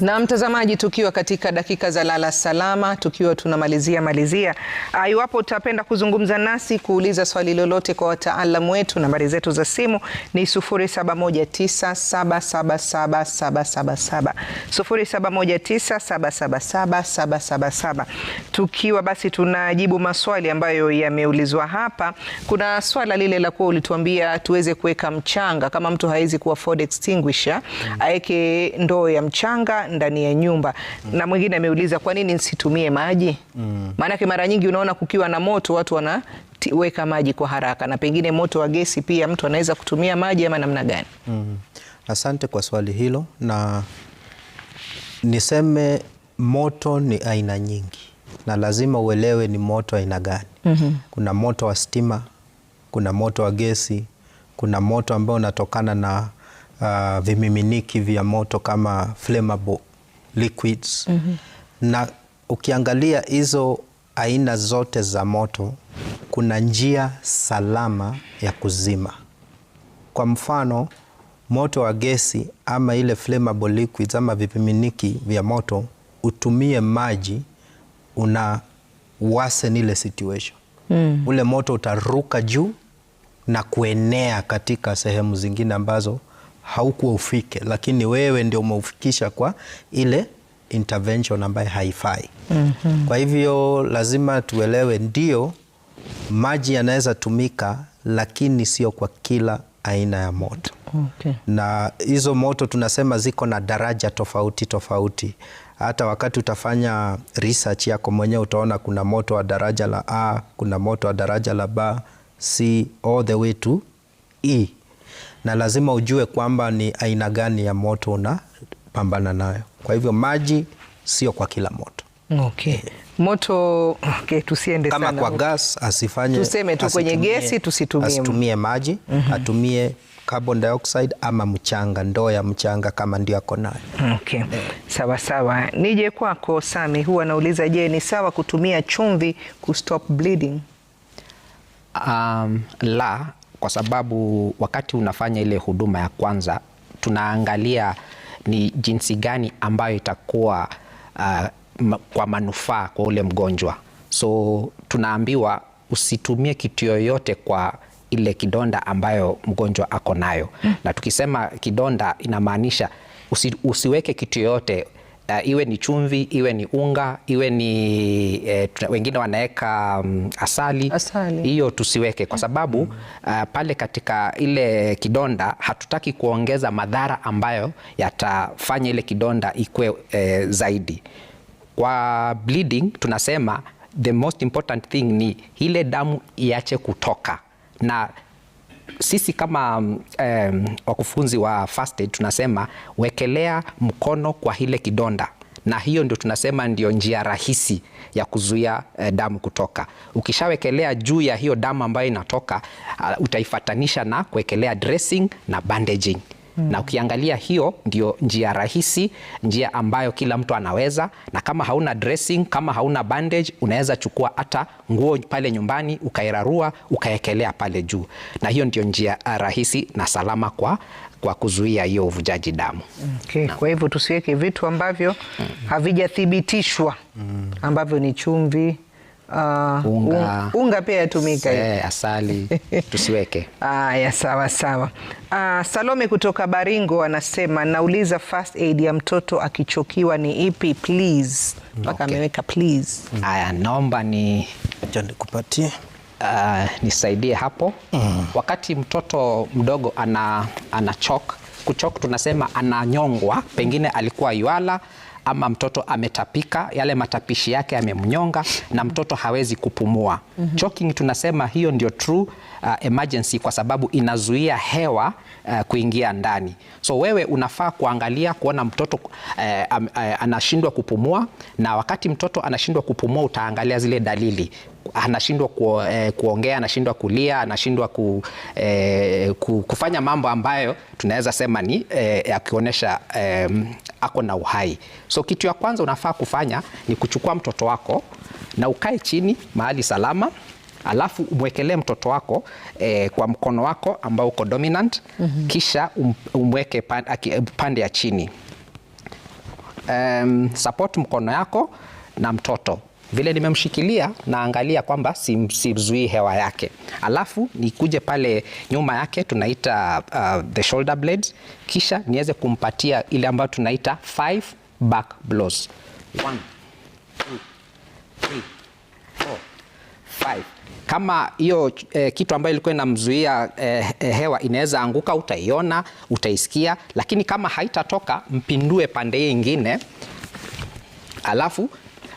Na mtazamaji, tukiwa katika dakika za lala salama, tukiwa tunamalizia malizia, ah, iwapo utapenda kuzungumza nasi kuuliza swali lolote kwa wataalamu wetu, nambari zetu za simu ni 0719777777, 0719777777. Tukiwa basi tunajibu maswali ambayo yameulizwa hapa, kuna swala lile la kuwa ulituambia tuweze kuweka mchanga kama mtu hawezi kuwa afford extinguisher, ndoo ya mchanga ndani ya nyumba mm. Na mwingine ameuliza kwa nini nsitumie maji mm. Maanake mara nyingi unaona kukiwa na moto watu wanaweka maji kwa haraka, na pengine moto wa gesi pia mtu anaweza kutumia maji ama namna gani? mm. Asante kwa swali hilo, na niseme moto ni aina nyingi na lazima uelewe ni moto aina gani. mm -hmm. Kuna moto wa stima, kuna moto wa gesi, kuna moto ambao unatokana na uh, vimiminiki vya moto kama flammable liquids mm -hmm. na ukiangalia hizo aina zote za moto kuna njia salama ya kuzima. Kwa mfano moto wa gesi ama ile flammable liquids ama vipiminiki vya moto, utumie maji, una wase ile situation mm. Ule moto utaruka juu na kuenea katika sehemu zingine ambazo haukuwa ufike, lakini wewe ndio umeufikisha kwa ile intervention ambayo haifai. mm -hmm. Kwa hivyo lazima tuelewe, ndio maji yanaweza tumika, lakini sio kwa kila aina ya moto. Okay. Na hizo moto tunasema ziko na daraja tofauti tofauti. Hata wakati utafanya research yako mwenyewe utaona kuna moto wa daraja la A, kuna moto wa daraja la B, C all the way to E na lazima ujue kwamba ni aina gani ya moto unapambana nayo. Kwa hivyo maji sio kwa kila moto. Okay. Moto okay, tusiende kama sana kwa gas asifanye, tuseme tu kwenye gesi tusitumie, asitumie maji mm -hmm. Atumie carbon dioxide ama mchanga, ndoo ya mchanga kama ndio ako nayo okay. Eh. Sawa sawa, nije kwako Sami, huwa anauliza je, ni sawa kutumia chumvi stop bleeding? Um, la, kwa sababu wakati unafanya ile huduma ya kwanza tunaangalia ni jinsi gani ambayo itakuwa uh, kwa manufaa kwa ule mgonjwa. So tunaambiwa usitumie kitu yoyote kwa ile kidonda ambayo mgonjwa ako nayo mm. Na tukisema kidonda inamaanisha usi, usiweke kitu yoyote Uh, iwe ni chumvi iwe ni unga iwe ni eh, wengine wanaweka um, mm, asali. hiyo tusiweke kwa sababu uh, pale katika ile kidonda hatutaki kuongeza madhara ambayo yatafanya ile kidonda ikue eh, zaidi. Kwa bleeding tunasema the most important thing ni ile damu iache kutoka na sisi kama um, wakufunzi wa first aid tunasema wekelea mkono kwa ile kidonda, na hiyo ndio tunasema ndio njia rahisi ya kuzuia eh, damu kutoka. Ukishawekelea juu ya hiyo damu ambayo inatoka, uh, utaifatanisha na kuwekelea dressing na bandaging. Hmm. Na ukiangalia hiyo ndio njia rahisi, njia ambayo kila mtu anaweza, na kama hauna dressing, kama hauna bandage, unaweza chukua hata nguo pale nyumbani ukairarua ukaekelea pale juu, na hiyo ndio njia ah, rahisi na salama kwa kwa kuzuia hiyo uvujaji damu. Okay, kwa hivyo tusiweke vitu ambavyo mm. havijathibitishwa hmm. ambavyo ni chumvi Uh, unga, unga pia yatumika eh, asali tusiweke. Haya, sawa sawa. Uh, Salome kutoka Baringo anasema nauliza first aid ya mtoto akichokiwa ni ipi please? Mpaka ameweka Please haya, mm. Naomba ni nikupatie uh, nisaidie hapo mm. Wakati mtoto mdogo ana, ana chok kuchok tunasema ananyongwa, pengine alikuwa yuala ama mtoto ametapika, yale matapishi yake yamemnyonga na mtoto hawezi kupumua. mm -hmm. Choking tunasema hiyo ndio true uh, emergency kwa sababu inazuia hewa uh, kuingia ndani. So wewe unafaa kuangalia kuona mtoto uh, uh, anashindwa kupumua, na wakati mtoto anashindwa kupumua utaangalia zile dalili anashindwa ku, eh, uh, kuongea, anashindwa kulia, anashindwa ku, eh, ku, kufanya mambo ambayo tunaweza sema ni eh, uh, akionyesha eh, um, ako na uhai. So kitu ya kwanza unafaa kufanya ni kuchukua mtoto wako na ukae chini mahali salama, alafu umwekelee mtoto wako eh, kwa mkono wako ambao uko dominant mm -hmm. Kisha um, umweke pande ya chini um, support mkono yako na mtoto vile nimemshikilia naangalia kwamba simzuii hewa yake, alafu nikuje pale nyuma yake tunaita uh, the shoulder blades, kisha niweze kumpatia ile ambayo tunaita five back blows. Kama hiyo eh, kitu ambayo ilikuwa inamzuia eh, eh, hewa inaweza anguka, utaiona utaisikia, lakini kama haitatoka mpindue pande hii ingine, alafu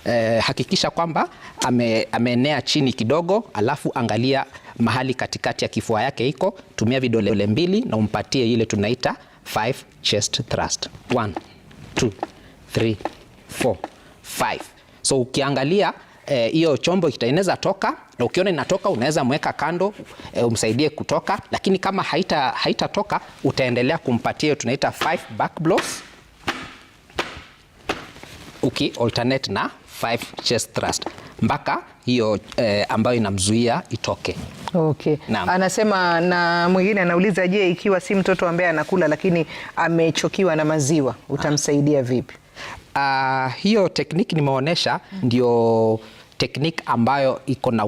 eh, hakikisha kwamba ame, ameenea chini kidogo, alafu angalia mahali katikati ya kifua yake iko. Tumia vidole mbili na umpatie ile tunaita five chest thrust. One, two, three, four, five. So ukiangalia eh, hiyo eh, chombo kitaeneza toka na ukiona inatoka unaweza mweka kando eh, umsaidie kutoka, lakini kama haita haitatoka utaendelea kumpatia tunaita five back blows uki alternate na 5 chest thrust mpaka hiyo eh, ambayo inamzuia itoke. Okay. Na, Anasema na mwingine anauliza, je, ikiwa si mtoto ambaye anakula lakini amechokiwa na maziwa utamsaidia vipi? Uh, hiyo tekniki nimeonyesha ndio tekniki ambayo iko na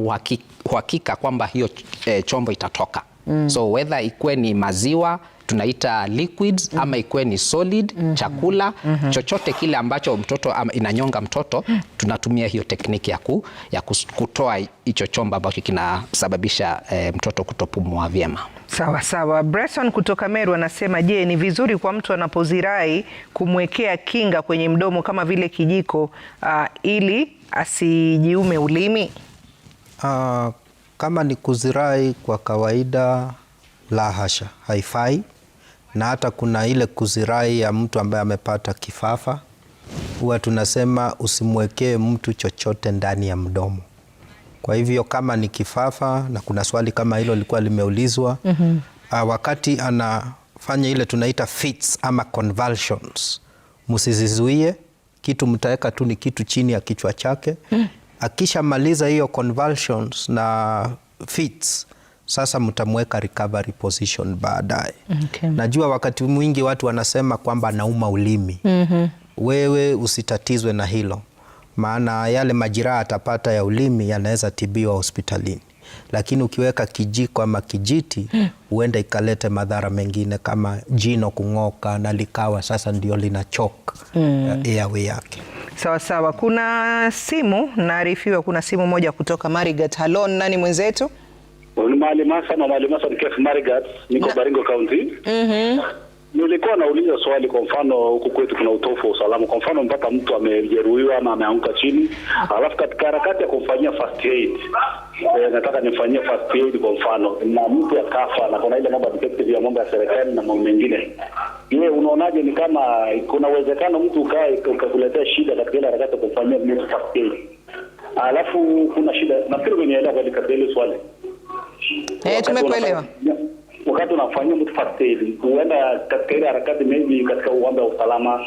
uhakika kwamba hiyo eh, chombo itatoka. Mm. So whether ikuwe ni maziwa tunaita liquids ama ikuwe ni solid mm -hmm. chakula mm -hmm. chochote kile ambacho mtoto ama inanyonga mtoto, mhm. tunatumia hiyo tekniki ya, ku, ya kutoa hicho chombo ambacho kinasababisha eh, mtoto kutopumua vyema. Sawa sawa. Bresson kutoka Meru anasema, je, ni vizuri kwa mtu anapozirai kumwekea kinga kwenye mdomo kama vile kijiko uh, ili asijiume ulimi? Uh, kama ni kuzirai kwa kawaida, la hasha, haifai na hata kuna ile kuzirai ya mtu ambaye amepata kifafa, huwa tunasema usimwekee mtu chochote ndani ya mdomo. Kwa hivyo kama ni kifafa, na kuna swali kama hilo lilikuwa limeulizwa mm -hmm. wakati anafanya ile tunaita fits ama convulsions, msizizuie kitu, mtaweka tu ni kitu chini ya kichwa chake mm. Akishamaliza hiyo convulsions na fits sasa mtamweka recovery position baadaye. Okay. Najua wakati mwingi watu wanasema kwamba anauma ulimi. mm -hmm. Wewe usitatizwe na hilo, maana yale majiraha atapata ya ulimi yanaweza tibiwa hospitalini, lakini ukiweka kijiko ama kijiti hmm. huenda mm. ikalete madhara mengine kama jino kung'oka na likawa sasa ndio linachoka mm. Eh, airway yake. Sawa sawa, kuna simu naarifiwa, kuna simu moja kutoka Marigat. Halon, nani mwenzetu? Maalim Hassan wa Maalim Hassan Kef Marigat, niko na Baringo County. Mhm. Mm Nilikuwa nauliza swali, kwa mfano huku kwetu kuna utofu wa usalama. Kwa mfano mpaka mtu amejeruhiwa ama ameanguka chini, alafu katika harakati ya kumfanyia first aid Eh, nataka nimfanyie first aid kwa mfano, na mtu akafa, na kuna ile mambo ya detective ya mambo ya serikali na mambo mengine. Je, unaonaje, ni kama kuna uwezekano mtu ukae ukakuletea shida katika ile harakati ya kumfanyia mtu first aid, alafu kuna shida? Nafikiri umenielewa katika ile swali. Eh, tumekuelewa. Wakati unafanyia mtu fasteli, huenda katika ile harakati maybe katika uwanja wa usalama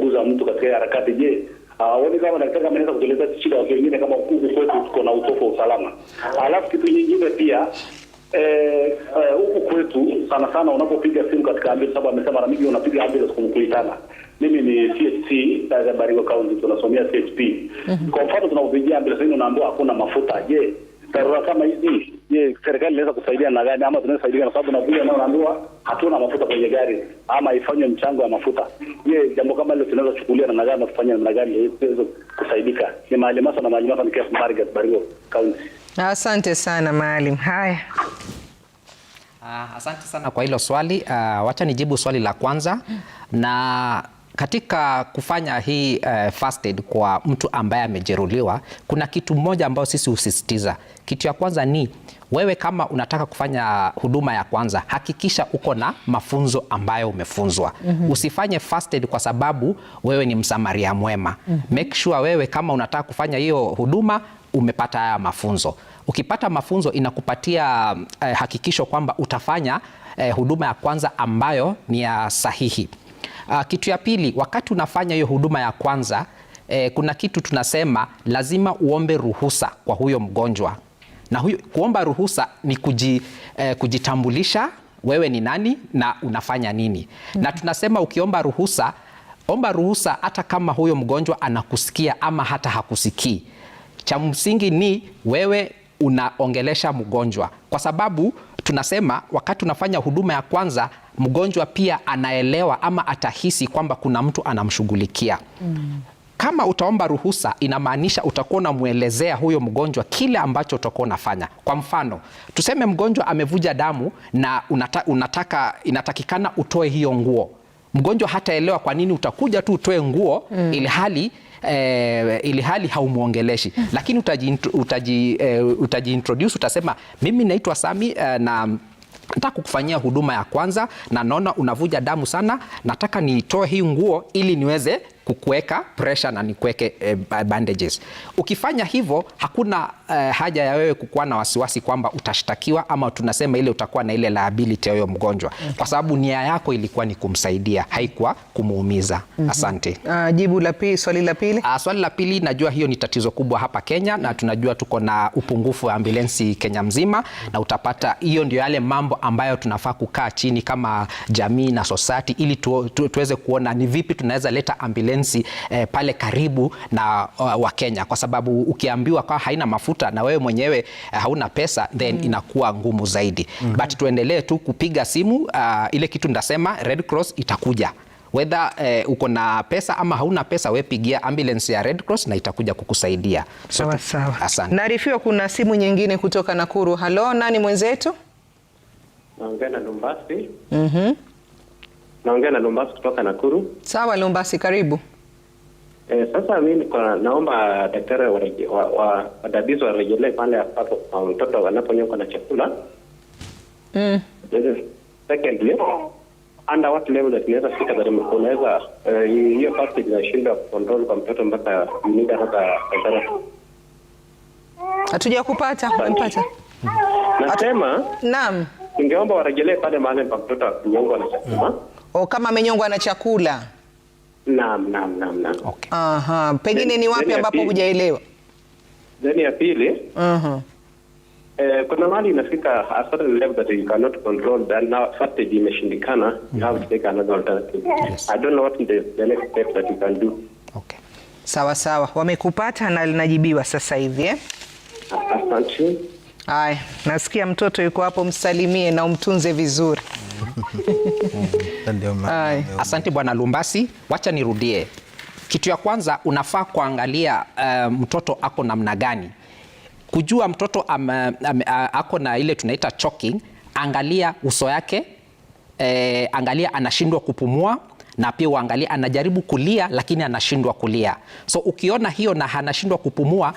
guza mtu katika ile harakati, je, aone kama daktari kama anaweza kutueleza shida watu wengine kama huku kwetu tuko na utofu wa usalama. Alafu kitu nyingine pia eh, eh huku uh, kwetu sana sana unapopiga simu katika ambulance, sababu amesema mara mingi unapiga ambulance kumkuitana. Mimi ni CHP Dar Baringo County, tunasomea CHP. Mhm. Kwa mfano tunapopigia ambulance unaambiwa hakuna mafuta. Je, dharura kama hizi je, serikali inaweza kusaidia na gani, ama tunaweza kusaidia? Kwa sababu nakuja na unaambiwa hatuna mafuta kwenye gari, ama ifanywe mchango wa mafuta. Je, jambo kama hilo tunaweza kuchukulia na gani, kufanya na gani tuweze kusaidika? Ni Maalim Hassan na Maalim Hassan ni Kefu Marigat Baringo County. Asante sana Maalim. Haya. Uh, asante sana kwa hilo swali. Uh, wacha nijibu swali la kwanza na katika kufanya hii uh, first aid kwa mtu ambaye amejeruhiwa, kuna kitu mmoja ambayo sisi husisitiza. Kitu ya kwanza ni wewe kama unataka kufanya huduma ya kwanza, hakikisha uko na mafunzo ambayo umefunzwa. mm -hmm. Usifanye first aid kwa sababu wewe ni msamaria mwema. mm -hmm. Make sure wewe kama unataka kufanya hiyo huduma umepata haya mafunzo. Ukipata mafunzo inakupatia uh, hakikisho kwamba utafanya uh, huduma ya kwanza ambayo ni ya sahihi. Uh, kitu ya pili, wakati unafanya hiyo huduma ya kwanza eh, kuna kitu tunasema lazima uombe ruhusa kwa huyo mgonjwa, na huyo, kuomba ruhusa ni kuji, eh, kujitambulisha wewe ni nani na unafanya nini. mm -hmm. Na tunasema ukiomba ruhusa, omba ruhusa hata kama huyo mgonjwa anakusikia ama hata hakusikii. Cha msingi ni wewe unaongelesha mgonjwa kwa sababu tunasema wakati unafanya huduma ya kwanza mgonjwa pia anaelewa ama atahisi kwamba kuna mtu anamshughulikia. Mm. Kama utaomba ruhusa inamaanisha utakuwa unamwelezea huyo mgonjwa kile ambacho utakuwa unafanya. Kwa mfano, tuseme mgonjwa amevuja damu na unata, unataka inatakikana utoe hiyo nguo. Mgonjwa hataelewa kwa nini utakuja tu utoe nguo mm. ili hali eh, ili hali haumuongeleshi mm -hmm. Lakini utaji, utaji, eh, utaji utasema mimi naitwa Sami eh, na nataka kukufanyia huduma ya kwanza na naona unavuja damu sana, nataka nitoe hii nguo ili niweze kukuweka pressure na nikuweke eh, bandages. Ukifanya hivyo hakuna Eh, haja ya wewe kukuwa na wasiwasi kwamba utashtakiwa ama tunasema ile utakuwa na ile liability ya huyo mgonjwa okay. Kwa sababu nia yako ilikuwa ni kumsaidia, haikuwa kumuumiza. mm -hmm. Asante. Uh, jibu la pili, swali la pili. Uh, swali la pili, najua hiyo ni tatizo kubwa hapa Kenya na tunajua tuko na upungufu wa ambulensi Kenya mzima, na utapata hiyo ndio yale mambo ambayo tunafaa kukaa chini kama jamii na society ili tu, tu, tuweze kuona ni vipi tunaweza leta ambulensi eh, pale karibu na uh, Kenya kwa sababu ukiambiwa kwa haina mafuta unajikuta na wewe mwenyewe uh, hauna pesa then mm. inakuwa ngumu zaidi mm -hmm. But tuendelee tu kupiga simu uh, ile kitu ndasema Red Cross itakuja whether eh, uko na pesa ama hauna pesa, wepigia pigia ambulance ya Red Cross na itakuja kukusaidia. So, sawa asante. Naarifiwa kuna simu nyingine kutoka Nakuru. Halo, nani mwenzetu? Naongea na Lumbasi. Mhm, naongea na Lumbasi kutoka Nakuru. Sawa Lumbasi, karibu. Eh, sasa mimi kwa naomba daktari wadadisi wa, wa, warejelee pale ambapo mtoto anaponyongwa na chakula mm. Secondly, under what level zinaweza fika unaweza eh, hiyo part inashindwa control kwa mtoto mpaka mlinda hata hasara. Hatuja kupata mpata. Mm-hmm. Nasema naam, ningeomba warejelee pale mahali pa mtoto kunyongwa na chakula. Oh, kama amenyongwa na chakula Naam, naam, naam, naam. Okay. Aha, pengine ni wapi ambapo hujaelewa? Then ya pili. Aha. Eh, kuna mali inafika a certain level that you cannot control that now strategy imeshindikana, you have to take another alternative. Yes. I don't know what the, the next step that you can do. Okay. Sawa sawa, wamekupata na linajibiwa sasa hivi eh? Asante. Haya, nasikia mtoto yuko hapo, msalimie na umtunze vizuri. Mm-hmm. Asante Bwana Lumbasi, wacha nirudie kitu ya kwanza. Unafaa kuangalia uh, mtoto ako namna gani, kujua mtoto am, am, am, ako na ile tunaita choking. Angalia uso yake eh, angalia anashindwa kupumua na pia uangalie anajaribu kulia lakini anashindwa kulia. So ukiona hiyo na anashindwa kupumua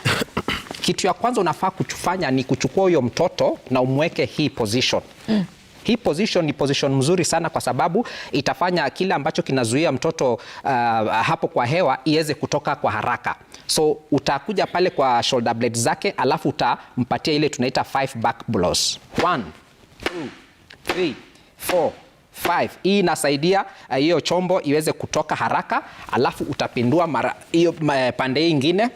kitu ya kwanza unafaa kufanya ni kuchukua huyo mtoto na umweke hii position mm. Hii position ni position mzuri sana kwa sababu itafanya kile ambacho kinazuia mtoto uh, hapo kwa hewa iweze kutoka kwa haraka. So utakuja pale kwa shoulder blade zake, alafu utampatia ile tunaita five back blows. One, two, three, four, five. Hii inasaidia uh, hiyo uh, chombo iweze kutoka haraka, alafu utapindua mara hiyo uh, pande hii ingine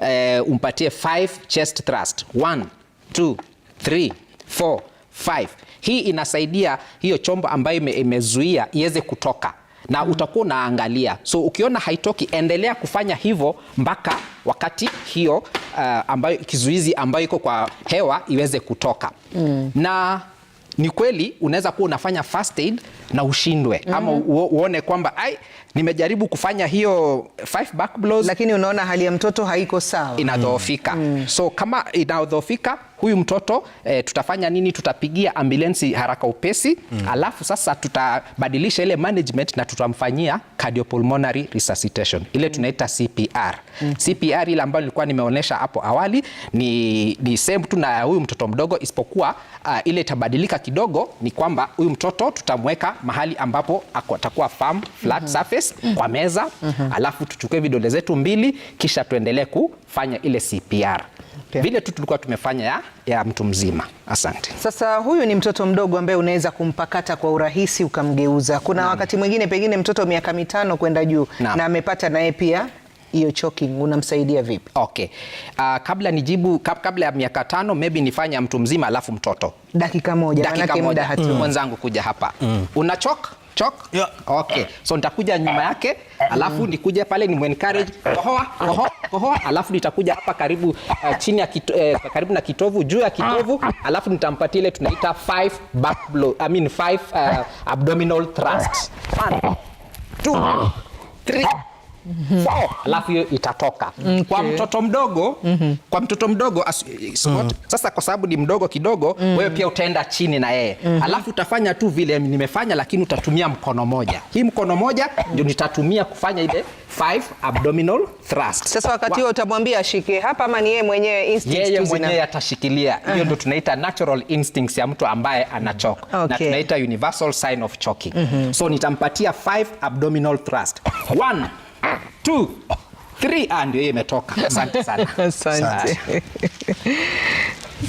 uh, umpatie five chest thrust. One, two, three, four 5. Hii inasaidia hiyo chombo ambayo imezuia iweze kutoka na mm. utakuwa unaangalia. So ukiona haitoki, endelea kufanya hivyo mpaka wakati hiyo uh, ambayo kizuizi ambayo iko kwa hewa iweze kutoka mm. Na ni kweli unaweza kuwa unafanya first aid na ushindwe mm -hmm. ama uone kwamba ai, nimejaribu kufanya hiyo five back blows, lakini unaona hali ya mtoto haiko sawa, inadhoofika mm -hmm. so kama inadhoofika huyu mtoto eh, tutafanya nini? Tutapigia ambulensi haraka upesi mm. Alafu sasa tutabadilisha ile management na tutamfanyia cardiopulmonary resuscitation ile mm. tunaita CPR mm. CPR ile ambayo nilikuwa nimeonyesha hapo awali ni, ni same tu na huyu mtoto mdogo, isipokuwa uh, ile itabadilika kidogo ni kwamba huyu mtoto tutamweka mahali ambapo atakuwa firm flat mhm. surface mhm. kwa meza, mhm. alafu tuchukue vidole zetu mbili, kisha tuendelee kufanya ile CPR Okay. Vile tu tulikuwa tumefanya ya, ya mtu mzima. Asante. Sasa huyu ni mtoto mdogo ambaye unaweza kumpakata kwa urahisi ukamgeuza. Kuna Naam. wakati mwingine pengine mtoto miaka mitano kwenda juu na amepata naye pia hiyo choking unamsaidia vipi? Okay. Uh, kabla nijibu kab, kabla ya miaka tano maybe nifanya mtu mzima alafu mtoto dakika moja, dakika moja mwanzangu mm. kuja hapa mm. una chok chok yeah. Okay, so nitakuja nyuma yake alafu mm. nikuja pale ni encourage kohoa kohoa kohoa, alafu nitakuja hapa karibu uh, chini ya kito, eh, karibu na kitovu juu ya kitovu, alafu nitampatia ile tunaita five back blow, I mean five uh, abdominal thrust. One, two, three Mm Sawa, alafu hiyo itatoka mm -hmm. Kwa mtoto mdogo mm -hmm. Kwa mtoto mdogo as, mm. -hmm. Sasa kwa sababu ni mdogo kidogo mm. -hmm. Wewe pia utaenda chini na yeye mm -hmm. Alafu utafanya tu vile nimefanya, lakini utatumia mkono moja, hii mkono moja ndio nitatumia kufanya ile five abdominal thrust. Sasa wakati huo utamwambia ashike hapa ama ni yeye mwenyewe instincts, yeye mwenyewe atashikilia hiyo uh -huh. Ndio tunaita natural instincts ya mtu ambaye anachoka okay. Na tunaita universal sign of choking mm -hmm. So nitampatia five abdominal thrust. One 3 three, ndio hiyo imetoka. Asante sana,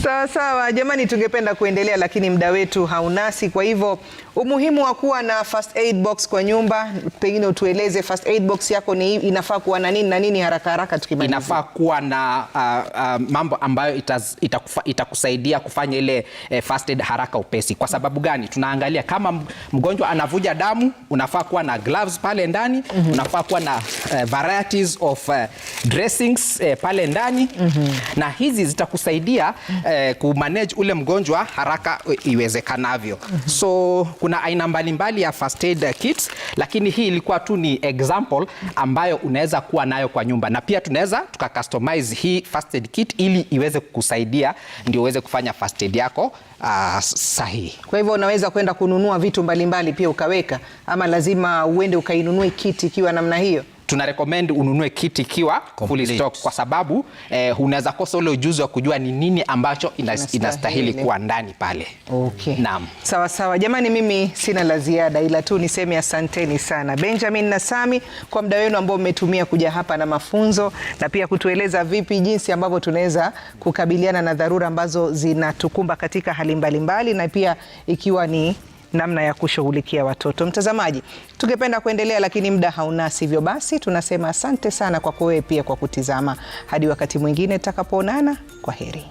Sawa sawa, jamani, tungependa kuendelea lakini muda wetu haunasi, kwa hivyo Umuhimu wa kuwa na first aid box kwa nyumba, pengine utueleze first aid box yako ni inafaa kuwa na nini na nini, haraka haraka tukimaliza. Inafaa kuwa na uh, uh, mambo ambayo itakusaidia itakufa, itakusaidia kufanya ile uh, first aid haraka upesi. Kwa sababu gani? Tunaangalia kama mgonjwa anavuja damu, unafaa kuwa na gloves pale ndani mm -hmm. Unafaa kuwa na uh, varieties of uh, dressings uh, pale ndani mm -hmm. Na hizi zitakusaidia uh, kumanage ule mgonjwa haraka iwezekanavyo mm -hmm. so kuna aina mbalimbali ya first aid kits, lakini hii ilikuwa tu ni example ambayo unaweza kuwa nayo kwa nyumba, na pia tunaweza tuka customize hii first aid kit ili iweze kukusaidia ndio uweze kufanya first aid yako uh, sahihi. Kwa hivyo unaweza kwenda kununua vitu mbalimbali mbali, pia ukaweka ama lazima uende ukainunue kiti ikiwa namna hiyo? tuna recommend ununue kiti ikiwa full stock kwa sababu eh, unaweza kosa ule ujuzi wa kujua ni nini ambacho inas, inastahili kuwa ndani pale. Okay. Naam. Sawa sawa. Jamani, mimi sina la ziada ila tu niseme asanteni sana Benjamin na Sami kwa muda wenu ambao mmetumia kuja hapa na mafunzo na pia kutueleza vipi jinsi ambavyo tunaweza kukabiliana na dharura ambazo zinatukumba katika hali mbalimbali mbali, na pia ikiwa ni namna ya kushughulikia watoto. Mtazamaji, tungependa kuendelea lakini muda haunasi, hivyo basi tunasema asante sana kwako wewe pia kwa kutizama. Hadi wakati mwingine tutakapoonana, kwa heri.